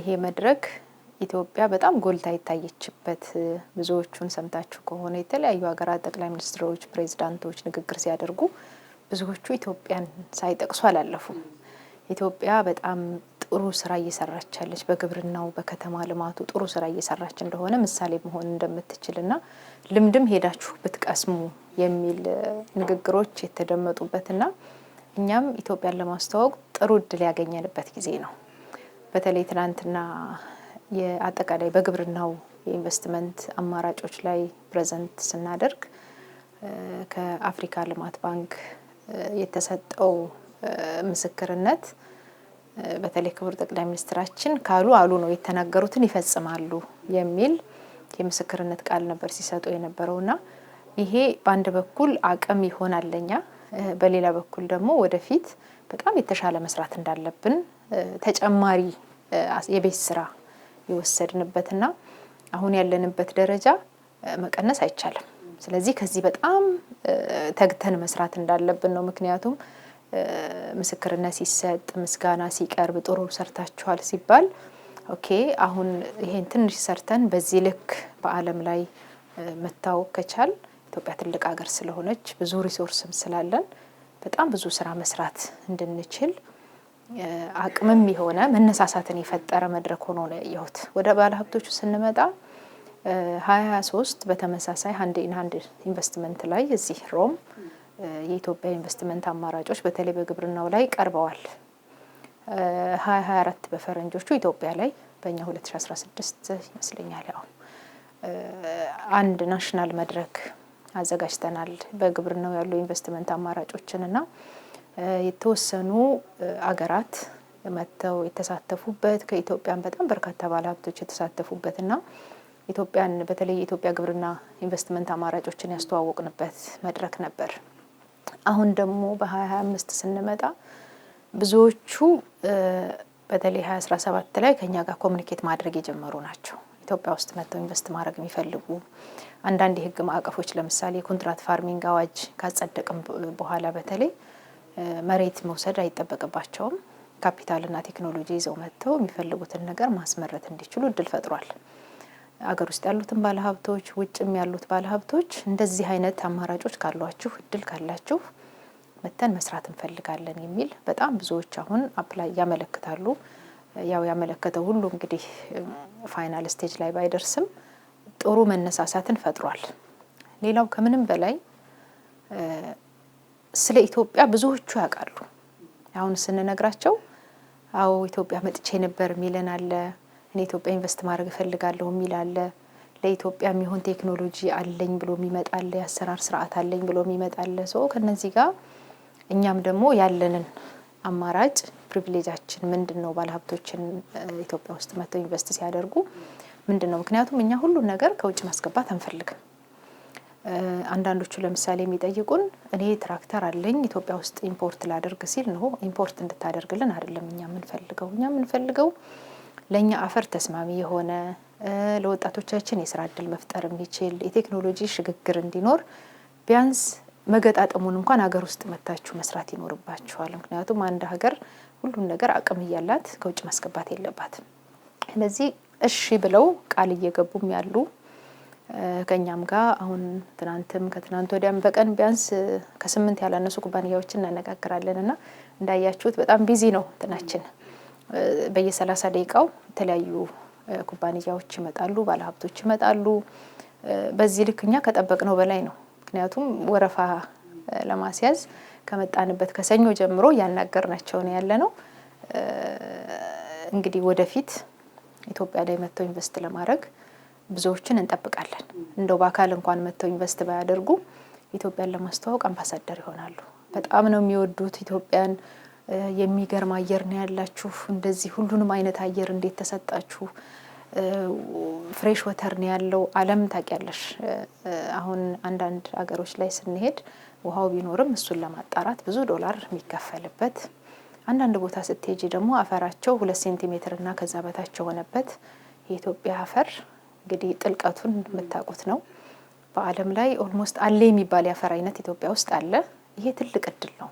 ይሄ መድረክ ኢትዮጵያ በጣም ጎልታ የታየችበት ብዙዎቹን ሰምታችሁ ከሆነ የተለያዩ ሀገራት ጠቅላይ ሚኒስትሮች፣ ፕሬዚዳንቶች ንግግር ሲያደርጉ ብዙዎቹ ኢትዮጵያን ሳይጠቅሱ አላለፉም። ኢትዮጵያ በጣም ጥሩ ስራ እየሰራች ያለች በግብርናው በከተማ ልማቱ ጥሩ ስራ እየሰራች እንደሆነ ምሳሌ መሆን እንደምትችልና ልምድም ሄዳችሁ ብትቀስሙ የሚል ንግግሮች የተደመጡበትና እኛም ኢትዮጵያን ለማስተዋወቅ ጥሩ እድል ያገኘንበት ጊዜ ነው። በተለይ ትናንትና የአጠቃላይ በግብርናው የኢንቨስትመንት አማራጮች ላይ ፕሬዘንት ስናደርግ ከአፍሪካ ልማት ባንክ የተሰጠው ምስክርነት በተለይ ክቡር ጠቅላይ ሚኒስትራችን ካሉ አሉ ነው የተናገሩትን ይፈጽማሉ የሚል የምስክርነት ቃል ነበር ሲሰጡ የነበረው እና ይሄ በአንድ በኩል አቅም ይሆናል ለኛ፣ በሌላ በኩል ደግሞ ወደፊት በጣም የተሻለ መስራት እንዳለብን ተጨማሪ የቤት ስራ የወሰድንበትና አሁን ያለንበት ደረጃ መቀነስ አይቻልም። ስለዚህ ከዚህ በጣም ተግተን መስራት እንዳለብን ነው። ምክንያቱም ምስክርነት ሲሰጥ፣ ምስጋና ሲቀርብ፣ ጥሩ ሰርታችኋል ሲባል ኦኬ አሁን ይሄን ትንሽ ሰርተን በዚህ ልክ በዓለም ላይ መታወቅ ከቻል ኢትዮጵያ ትልቅ ሀገር ስለሆነች ብዙ ሪሶርስም ስላለን በጣም ብዙ ስራ መስራት እንድንችል አቅምም የሆነ መነሳሳትን የፈጠረ መድረክ ሆኖ ነው ያየሁት። ወደ ባለሀብቶቹ ስንመጣ ሀያ ሶስት በተመሳሳይ ሀንድ ኢን ሀንድ ኢንቨስትመንት ላይ እዚህ ሮም የኢትዮጵያ ኢንቨስትመንት አማራጮች በተለይ በግብርናው ላይ ቀርበዋል። ሀያ ሀያ አራት በፈረንጆቹ ኢትዮጵያ ላይ በእኛ ሁለት ሺ አስራ ስድስት ይመስለኛል ያው አንድ ናሽናል መድረክ አዘጋጅተናል። በግብርናው ያሉ ኢንቨስትመንት አማራጮችን ና የተወሰኑ አገራት መጥተው የተሳተፉበት ከኢትዮጵያን በጣም በርካታ ባለሀብቶች የተሳተፉበት እና ኢትዮጵያን በተለይ የኢትዮጵያ ግብርና ኢንቨስትመንት አማራጮችን ያስተዋወቅንበት መድረክ ነበር። አሁን ደግሞ በ2025 ስንመጣ ብዙዎቹ በተለይ 2017 ላይ ከኛ ጋር ኮሚኒኬት ማድረግ የጀመሩ ናቸው። ኢትዮጵያ ውስጥ መጥተው ኢንቨስት ማድረግ የሚፈልጉ አንዳንድ የህግ ማዕቀፎች ለምሳሌ የኮንትራት ፋርሚንግ አዋጅ ካጸደቅም በኋላ በተለይ መሬት መውሰድ አይጠበቅባቸውም። ካፒታልና ቴክኖሎጂ ይዘው መጥተው የሚፈልጉትን ነገር ማስመረት እንዲችሉ እድል ፈጥሯል። አገር ውስጥ ያሉትን ባለሀብቶች፣ ውጭም ያሉት ባለሀብቶች እንደዚህ አይነት አማራጮች ካሏችሁ፣ እድል ካላችሁ መተን መስራት እንፈልጋለን የሚል በጣም ብዙዎች አሁን አፕላይ ያመለክታሉ። ያው ያመለከተው ሁሉ እንግዲህ ፋይናል ስቴጅ ላይ ባይደርስም ጥሩ መነሳሳትን ፈጥሯል። ሌላው ከምንም በላይ ስለ ኢትዮጵያ ብዙዎቹ ያውቃሉ። አሁን ስንነግራቸው አዎ ኢትዮጵያ መጥቼ ነበር የሚለን አለ። እኔ ኢትዮጵያ ኢንቨስት ማድረግ እፈልጋለሁ የሚል አለ። ለኢትዮጵያ የሚሆን ቴክኖሎጂ አለኝ ብሎ የሚመጣለ፣ የአሰራር ስርዓት አለኝ ብሎ የሚመጣ አለ። ከነዚህ ጋር እኛም ደግሞ ያለንን አማራጭ ፕሪቪሌጃችን ምንድን ነው? ባለሀብቶችን ኢትዮጵያ ውስጥ መጥተው ኢንቨስት ሲያደርጉ ምንድን ነው? ምክንያቱም እኛ ሁሉን ነገር ከውጭ ማስገባት አንፈልግም። አንዳንዶቹ ለምሳሌ የሚጠይቁን እኔ ትራክተር አለኝ ኢትዮጵያ ውስጥ ኢምፖርት ላደርግ ሲል ነው። ኢምፖርት እንድታደርግልን አይደለም እኛ የምንፈልገው። እኛ የምንፈልገው ለእኛ አፈር ተስማሚ የሆነ ለወጣቶቻችን የስራ እድል መፍጠር የሚችል የቴክኖሎጂ ሽግግር እንዲኖር ቢያንስ መገጣጠሙን እንኳን ሀገር ውስጥ መታችሁ መስራት ይኖርባችኋል። ምክንያቱም አንድ ሀገር ሁሉን ነገር አቅም እያላት ከውጭ ማስገባት የለባትም። ስለዚህ እሺ ብለው ቃል እየገቡም ያሉ ከእኛም ጋር አሁን ትናንትም ከትናንት ወዲያም በቀን ቢያንስ ከስምንት ያላነሱ ኩባንያዎችን እናነጋግራለን እና እንዳያችሁት በጣም ቢዚ ነው እንትናችን። በየሰላሳ ደቂቃው የተለያዩ ኩባንያዎች ይመጣሉ፣ ባለሀብቶች ይመጣሉ። በዚህ ልክ እኛ ከጠበቅነው በላይ ነው። ምክንያቱም ወረፋ ለማስያዝ ከመጣንበት ከሰኞ ጀምሮ ያናገርናቸው ነው ያለ ነው። እንግዲህ ወደፊት ኢትዮጵያ ላይ መጥተው ኢንቨስት ለማድረግ ብዙዎችን እንጠብቃለን። እንደው በአካል እንኳን መጥተው ኢንቨስት ባያደርጉ ኢትዮጵያን ለማስተዋወቅ አምባሳደር ይሆናሉ። በጣም ነው የሚወዱት ኢትዮጵያን። የሚገርም አየር ነው ያላችሁ፣ እንደዚህ ሁሉንም አይነት አየር እንዴት ተሰጣችሁ? ፍሬሽ ወተር ነው ያለው። ዓለም ታውቂያለሽ፣ አሁን አንዳንድ አገሮች ላይ ስንሄድ ውሃው ቢኖርም እሱን ለማጣራት ብዙ ዶላር የሚከፈልበት አንዳንድ ቦታ ስትሄጂ ደግሞ አፈራቸው ሁለት እና ከዛ በታች የሆነበት የኢትዮጵያ አፈር እንግዲህ ጥልቀቱን እንደምታውቁት ነው። በዓለም ላይ ኦልሞስት አለ የሚባል የአፈር አይነት ኢትዮጵያ ውስጥ አለ። ይሄ ትልቅ እድል ነው።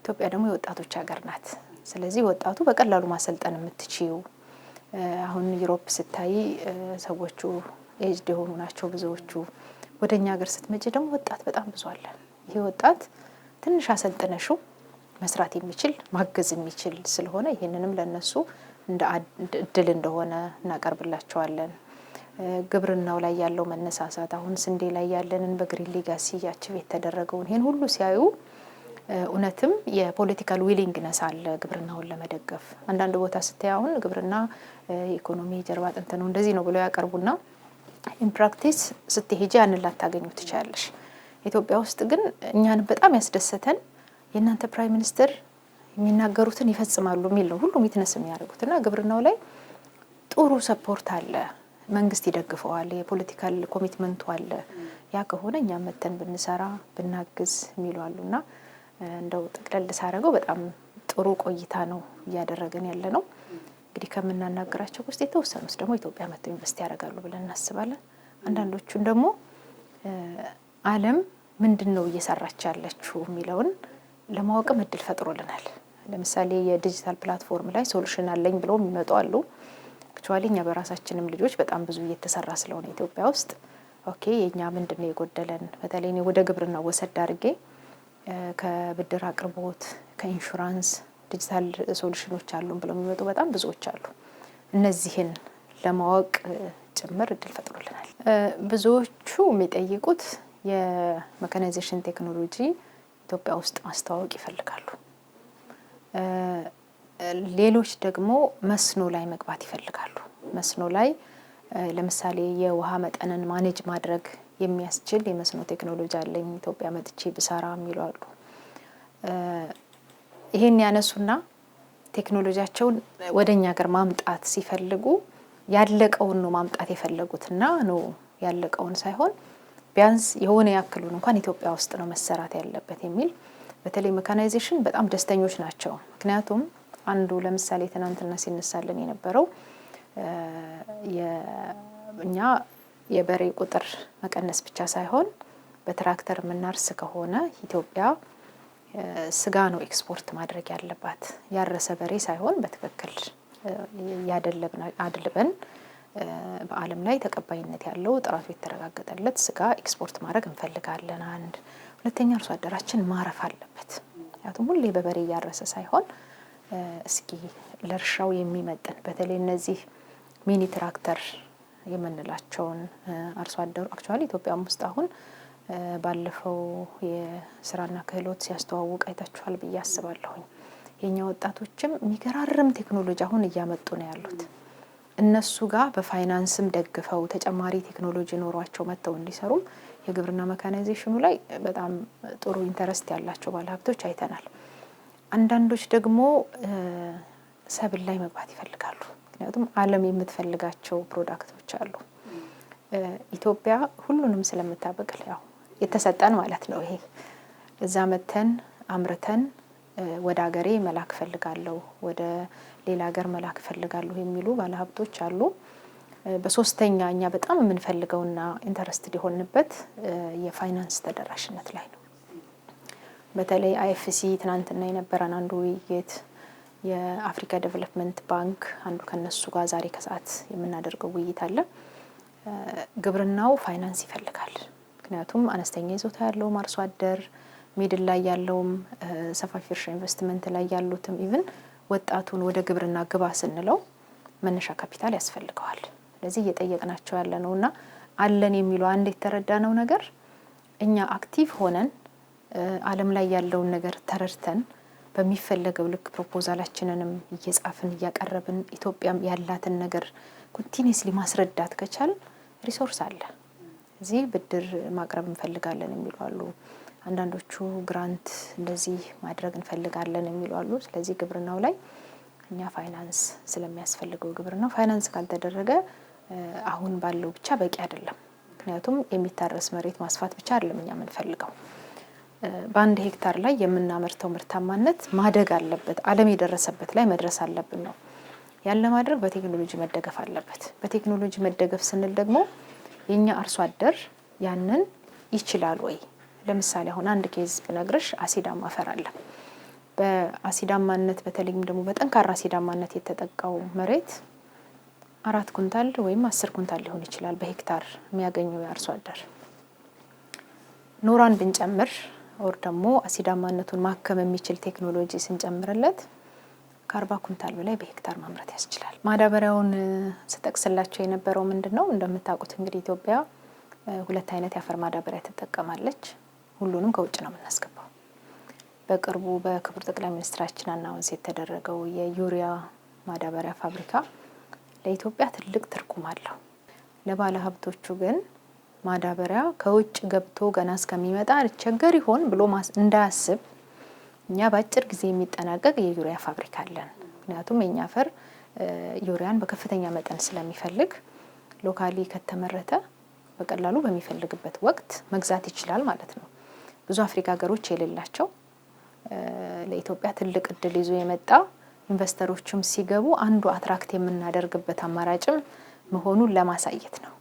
ኢትዮጵያ ደግሞ የወጣቶች ሀገር ናት። ስለዚህ ወጣቱ በቀላሉ ማሰልጠን የምትችው አሁን ዩሮፕ ስታይ ሰዎቹ ኤጅድ የሆኑ ናቸው ብዙዎቹ። ወደ እኛ ሀገር ስትመጭ ደግሞ ወጣት በጣም ብዙ አለ። ይሄ ወጣት ትንሽ አሰልጥነሹ መስራት የሚችል ማገዝ የሚችል ስለሆነ ይህንንም ለእነሱ እንደ እድል እንደሆነ እናቀርብላቸዋለን። ግብርናው ላይ ያለው መነሳሳት አሁን ስንዴ ላይ ያለንን በግሪን ሊጋሲ ያችብ የተደረገውን ይህን ሁሉ ሲያዩ እውነትም የፖለቲካል ዊሊንግነስ አለ ግብርናውን ለመደገፍ። አንዳንድ ቦታ ስታይ አሁን ግብርና የኢኮኖሚ ጀርባ አጥንት ነው እንደዚህ ነው ብለው ያቀርቡና ኢንፕራክቲስ ስትሄጂ ያንን ላታገኙ ትችላለሽ። ኢትዮጵያ ውስጥ ግን እኛን በጣም ያስደሰተን የእናንተ ፕራይም ሚኒስትር የሚናገሩትን ይፈጽማሉ የሚል ነው ሁሉም ይትነስ የሚያደርጉት እና ግብርናው ላይ ጥሩ ሰፖርት አለ። መንግስት ይደግፈዋል፣ የፖለቲካል ኮሚትመንቱ አለ። ያ ከሆነ እኛ መተን ብንሰራ ብናግዝ የሚሉ አሉና እንደው ጠቅለል ሳደርገው በጣም ጥሩ ቆይታ ነው እያደረገን ያለ ነው። እንግዲህ ከምናናገራቸው ውስጥ የተወሰኑት ደግሞ ኢትዮጵያ መተው ዩኒቨርስቲ ያደርጋሉ ብለን እናስባለን። አንዳንዶቹን ደግሞ አለም ምንድን ነው እየሰራች ያለችው የሚለውን ለማወቅም እድል ፈጥሮልናል። ለምሳሌ የዲጂታል ፕላትፎርም ላይ ሶሉሽን አለኝ ብለው የሚመጡ አሉ። አክቹዋሊ እኛ በራሳችንም ልጆች በጣም ብዙ እየተሰራ ስለሆነ ኢትዮጵያ ውስጥ ኦኬ የእኛ ምንድነው የጎደለን? በተለይ እኔ ወደ ግብርና ወሰድ አድርጌ ከብድር አቅርቦት፣ ከኢንሹራንስ ዲጂታል ሶሉሽኖች አሉን ብለው የሚመጡ በጣም ብዙዎች አሉ። እነዚህን ለማወቅ ጭምር እድል ፈጥሮልናል። ብዙዎቹ የሚጠይቁት የመካናይዜሽን ቴክኖሎጂ ኢትዮጵያ ውስጥ ማስተዋወቅ ይፈልጋሉ። ሌሎች ደግሞ መስኖ ላይ መግባት ይፈልጋሉ። መስኖ ላይ ለምሳሌ የውሃ መጠንን ማኔጅ ማድረግ የሚያስችል የመስኖ ቴክኖሎጂ አለኝ ኢትዮጵያ መጥቼ ብሰራ የሚሉ አሉ። ይሄን ያነሱና ቴክኖሎጂያቸውን ወደ እኛ ሀገር ማምጣት ሲፈልጉ ያለቀውን ነው ማምጣት የፈለጉትና ነው ያለቀውን ሳይሆን ቢያንስ የሆነ ያክሉን እንኳን ኢትዮጵያ ውስጥ ነው መሰራት ያለበት የሚል በተለይ መካናይዜሽን በጣም ደስተኞች ናቸው። ምክንያቱም አንዱ ለምሳሌ ትናንትና ሲነሳልን የነበረው እኛ የበሬ ቁጥር መቀነስ ብቻ ሳይሆን በትራክተር የምናርስ ከሆነ ኢትዮጵያ ስጋ ነው ኤክስፖርት ማድረግ ያለባት፣ ያረሰ በሬ ሳይሆን በትክክል አድልበን በዓለም ላይ ተቀባይነት ያለው ጥራቱ የተረጋገጠለት ስጋ ኤክስፖርት ማድረግ እንፈልጋለን። አንድ ሁለተኛ፣ አርሶ አደራችን ማረፍ አለበት። ምክንያቱም ሁሌ በበሬ እያረሰ ሳይሆን እስኪ ለእርሻው የሚመጥን በተለይ እነዚህ ሚኒ ትራክተር የምንላቸውን አርሶ አደሩ አክቹዋሊ ኢትዮጵያም ውስጥ አሁን ባለፈው የስራና ክህሎት ሲያስተዋውቅ አይታችኋል ብዬ አስባለሁኝ። የኛ ወጣቶችም የሚገራርም ቴክኖሎጂ አሁን እያመጡ ነው ያሉት። እነሱ ጋር በፋይናንስም ደግፈው ተጨማሪ ቴክኖሎጂ ኖሯቸው መጥተው እንዲሰሩም የግብርና መካናይዜሽኑ ላይ በጣም ጥሩ ኢንተረስት ያላቸው ባለሀብቶች አይተናል። አንዳንዶች ደግሞ ሰብል ላይ መግባት ይፈልጋሉ። ምክንያቱም ዓለም የምትፈልጋቸው ፕሮዳክቶች አሉ። ኢትዮጵያ ሁሉንም ስለምታበቅል ያው የተሰጠን ማለት ነው ይሄ እዛ መተን አምርተን ወደ ሀገሬ መላክ ፈልጋለሁ፣ ወደ ሌላ ሀገር መላክ ፈልጋለሁ የሚሉ ባለሀብቶች አሉ። በሶስተኛ እኛ በጣም የምንፈልገውና ኢንተረስትድ የሆንበት የፋይናንስ ተደራሽነት ላይ ነው። በተለይ አይኤፍሲ ትናንትና የነበረን አንዱ ውይይት የአፍሪካ ዴቨሎፕመንት ባንክ አንዱ ከነሱ ጋር ዛሬ ከሰዓት የምናደርገው ውይይት አለ። ግብርናው ፋይናንስ ይፈልጋል። ምክንያቱም አነስተኛ ይዞታ ያለውም አርሶ አደር ሚድል ላይ ያለውም ሰፋፊ እርሻ ኢንቨስትመንት ላይ ያሉትም ኢቭን ወጣቱን ወደ ግብርና ግባ ስንለው መነሻ ካፒታል ያስፈልገዋል። ስለዚህ እየጠየቅናቸው ያለ ነው እና አለን የሚለው አንድ የተረዳ ነው ነገር እኛ አክቲቭ ሆነን ዓለም ላይ ያለውን ነገር ተረድተን በሚፈለገው ልክ ፕሮፖዛላችንንም እየጻፍን እያቀረብን ኢትዮጵያም ያላትን ነገር ኮንቲኒስሊ ማስረዳት ከቻል ሪሶርስ አለ። እዚህ ብድር ማቅረብ እንፈልጋለን የሚሉ አሉ። አንዳንዶቹ ግራንት እንደዚህ ማድረግ እንፈልጋለን የሚሉ አሉ። ስለዚህ ግብርናው ላይ እኛ ፋይናንስ ስለሚያስፈልገው ግብርናው ፋይናንስ ካልተደረገ አሁን ባለው ብቻ በቂ አይደለም። ምክንያቱም የሚታረስ መሬት ማስፋት ብቻ አይደለም እኛ የምንፈልገው በአንድ ሄክታር ላይ የምናመርተው ምርታማነት ማደግ አለበት፣ ዓለም የደረሰበት ላይ መድረስ አለብን ነው። ያን ለማድረግ በቴክኖሎጂ መደገፍ አለበት። በቴክኖሎጂ መደገፍ ስንል ደግሞ የእኛ አርሶ አደር ያንን ይችላል ወይ? ለምሳሌ አሁን አንድ ኬዝ ብነግርሽ አሲዳማ አፈር አለ። በአሲዳማነት በተለይም ደግሞ በጠንካራ አሲዳማነት የተጠቃው መሬት አራት ኩንታል ወይም አስር ኩንታል ሊሆን ይችላል በሄክታር የሚያገኘው የአርሶ አደር ኖራን ብንጨምር ኦር ደግሞ አሲዳማነቱን ማከም የሚችል ቴክኖሎጂ ስንጨምርለት ከአርባ ኩንታል በላይ በሄክታር ማምረት ያስችላል። ማዳበሪያውን ስጠቅስላቸው የነበረው ምንድን ነው? እንደምታውቁት እንግዲህ ኢትዮጵያ ሁለት አይነት የአፈር ማዳበሪያ ትጠቀማለች። ሁሉንም ከውጭ ነው የምናስገባው። በቅርቡ በክቡር ጠቅላይ ሚኒስትራችን አናውንስ የተደረገው የዩሪያ ማዳበሪያ ፋብሪካ ለኢትዮጵያ ትልቅ ትርጉም አለው። ለባለ ሀብቶቹ ግን ማዳበሪያ ከውጭ ገብቶ ገና እስከሚመጣ ልቸገር ይሆን ብሎ እንዳያስብ እኛ በአጭር ጊዜ የሚጠናቀቅ የዩሪያ ፋብሪካ አለን። ምክንያቱም የእኛ አፈር ዩሪያን በከፍተኛ መጠን ስለሚፈልግ ሎካሊ ከተመረተ በቀላሉ በሚፈልግበት ወቅት መግዛት ይችላል ማለት ነው። ብዙ አፍሪካ ሀገሮች የሌላቸው ለኢትዮጵያ ትልቅ እድል ይዞ የመጣ ኢንቨስተሮችም ሲገቡ አንዱ አትራክት የምናደርግበት አማራጭም መሆኑን ለማሳየት ነው።